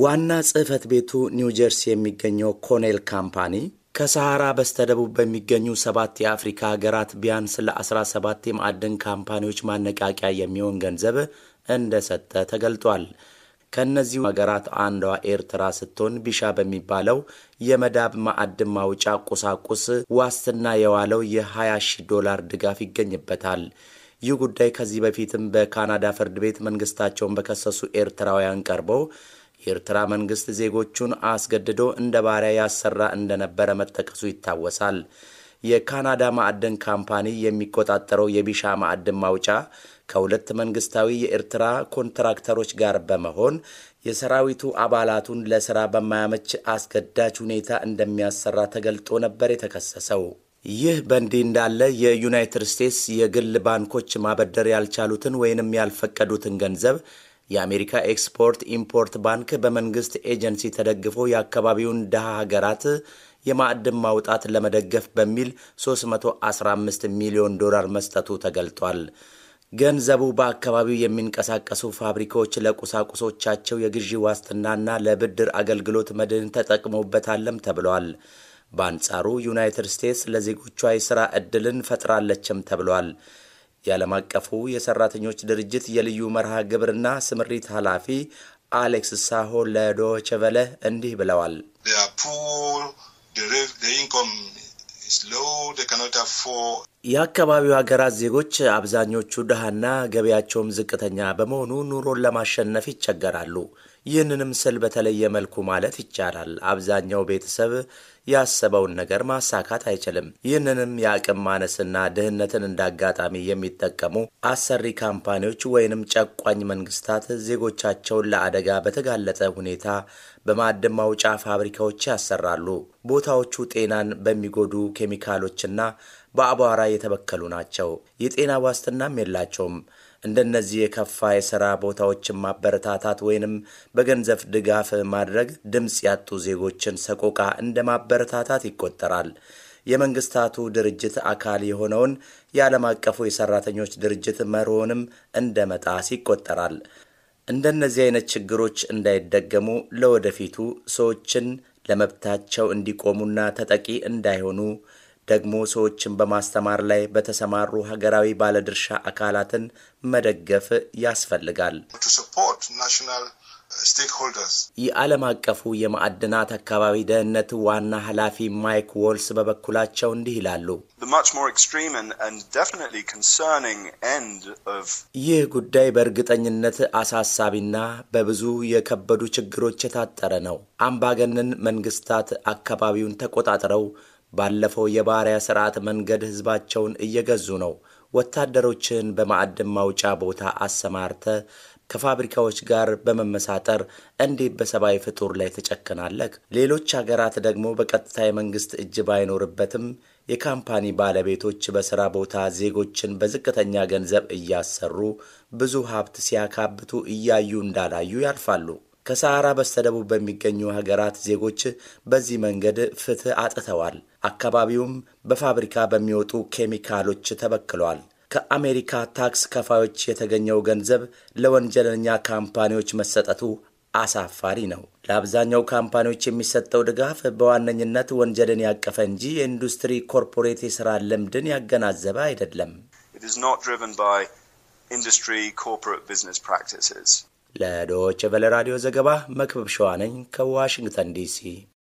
ዋና ጽህፈት ቤቱ ኒውጀርሲ የሚገኘው ኮኔል ካምፓኒ ከሰሃራ በስተደቡብ በሚገኙ ሰባት የአፍሪካ ሀገራት ቢያንስ ለ17 የማዕድን ካምፓኒዎች ማነቃቂያ የሚሆን ገንዘብ እንደሰጠ ተገልጧል። ከእነዚሁ ሀገራት አንዷ ኤርትራ ስትሆን ቢሻ በሚባለው የመዳብ ማዕድን ማውጫ ቁሳቁስ ዋስትና የዋለው የ20 ሺህ ዶላር ድጋፍ ይገኝበታል። ይህ ጉዳይ ከዚህ በፊትም በካናዳ ፍርድ ቤት መንግስታቸውን በከሰሱ ኤርትራውያን ቀርበው የኤርትራ መንግስት ዜጎቹን አስገድዶ እንደ ባሪያ ያሰራ እንደነበረ መጠቀሱ ይታወሳል። የካናዳ ማዕድን ካምፓኒ የሚቆጣጠረው የቢሻ ማዕድን ማውጫ ከሁለት መንግስታዊ የኤርትራ ኮንትራክተሮች ጋር በመሆን የሰራዊቱ አባላቱን ለስራ በማያመች አስገዳጅ ሁኔታ እንደሚያሰራ ተገልጦ ነበር የተከሰሰው። ይህ በእንዲህ እንዳለ የዩናይትድ ስቴትስ የግል ባንኮች ማበደር ያልቻሉትን ወይንም ያልፈቀዱትን ገንዘብ የአሜሪካ ኤክስፖርት ኢምፖርት ባንክ በመንግስት ኤጀንሲ ተደግፎ የአካባቢውን ድሃ ሀገራት የማዕድን ማውጣት ለመደገፍ በሚል 315 ሚሊዮን ዶላር መስጠቱ ተገልጧል። ገንዘቡ በአካባቢው የሚንቀሳቀሱ ፋብሪካዎች ለቁሳቁሶቻቸው የግዢ ዋስትናና ለብድር አገልግሎት መድን ተጠቅሞበታለም ተብሏል። በአንጻሩ ዩናይትድ ስቴትስ ለዜጎቿ የሥራ ዕድልን ፈጥራለችም ተብሏል። የዓለም አቀፉ የሰራተኞች ድርጅት የልዩ መርሃ ግብርና ስምሪት ኃላፊ አሌክስ ሳሆ ለዶይቼ ቬለ እንዲህ ብለዋል። የአካባቢው ሀገራት ዜጎች አብዛኞቹ ድሃና ገበያቸውም ዝቅተኛ በመሆኑ ኑሮን ለማሸነፍ ይቸገራሉ። ይህንንም ስል በተለየ መልኩ ማለት ይቻላል አብዛኛው ቤተሰብ ያሰበውን ነገር ማሳካት አይችልም። ይህንንም የአቅም ማነስና ድህነትን እንዳጋጣሚ የሚጠቀሙ አሰሪ ካምፓኒዎች ወይንም ጨቋኝ መንግስታት ዜጎቻቸውን ለአደጋ በተጋለጠ ሁኔታ በማዕድን ማውጫ ፋብሪካዎች ያሰራሉ። ቦታዎቹ ጤናን በሚጎዱ ኬሚካሎችና በአቧራ የተበከሉ ናቸው። የጤና ዋስትናም የላቸውም። እንደነዚህ የከፋ የሥራ ቦታዎችን ማበረታታት ወይንም በገንዘብ ድጋፍ ማድረግ ድምፅ ያጡ ዜጎችን ሰቆቃ እንደ ማበረታታት ይቆጠራል። የመንግስታቱ ድርጅት አካል የሆነውን የዓለም አቀፉ የሠራተኞች ድርጅት መርሆንም እንደ መጣስ ይቆጠራል። እንደነዚህ አይነት ችግሮች እንዳይደገሙ ለወደፊቱ ሰዎችን ለመብታቸው እንዲቆሙና ተጠቂ እንዳይሆኑ ደግሞ ሰዎችን በማስተማር ላይ በተሰማሩ ሀገራዊ ባለድርሻ አካላትን መደገፍ ያስፈልጋል። uh, የዓለም አቀፉ የማዕድናት አካባቢ ደህንነት ዋና ኃላፊ ማይክ ዎልስ በበኩላቸው እንዲህ ይላሉ። ይህ ጉዳይ በእርግጠኝነት አሳሳቢና በብዙ የከበዱ ችግሮች የታጠረ ነው። አምባገነን መንግስታት አካባቢውን ተቆጣጥረው ባለፈው የባሪያ ሥርዓት መንገድ ሕዝባቸውን እየገዙ ነው። ወታደሮችን በማዕድን ማውጫ ቦታ አሰማርተ ከፋብሪካዎች ጋር በመመሳጠር እንዴት በሰብአዊ ፍጡር ላይ ትጨክናለህ? ሌሎች አገራት ደግሞ በቀጥታ የመንግሥት እጅ ባይኖርበትም የካምፓኒ ባለቤቶች በሥራ ቦታ ዜጎችን በዝቅተኛ ገንዘብ እያሰሩ ብዙ ሀብት ሲያካብቱ እያዩ እንዳላዩ ያልፋሉ። ከሰሐራ በስተደቡብ በሚገኙ ሀገራት ዜጎች በዚህ መንገድ ፍትህ አጥተዋል። አካባቢውም በፋብሪካ በሚወጡ ኬሚካሎች ተበክሏል። ከአሜሪካ ታክስ ከፋዮች የተገኘው ገንዘብ ለወንጀለኛ ካምፓኒዎች መሰጠቱ አሳፋሪ ነው። ለአብዛኛው ካምፓኒዎች የሚሰጠው ድጋፍ በዋነኝነት ወንጀልን ያቀፈ እንጂ የኢንዱስትሪ ኮርፖሬት የሥራ ልምድን ያገናዘበ አይደለም። ለዶች ቨለ ራዲዮ ዘገባ መክበብ ሸዋነኝ ከዋሽንግተን ዲሲ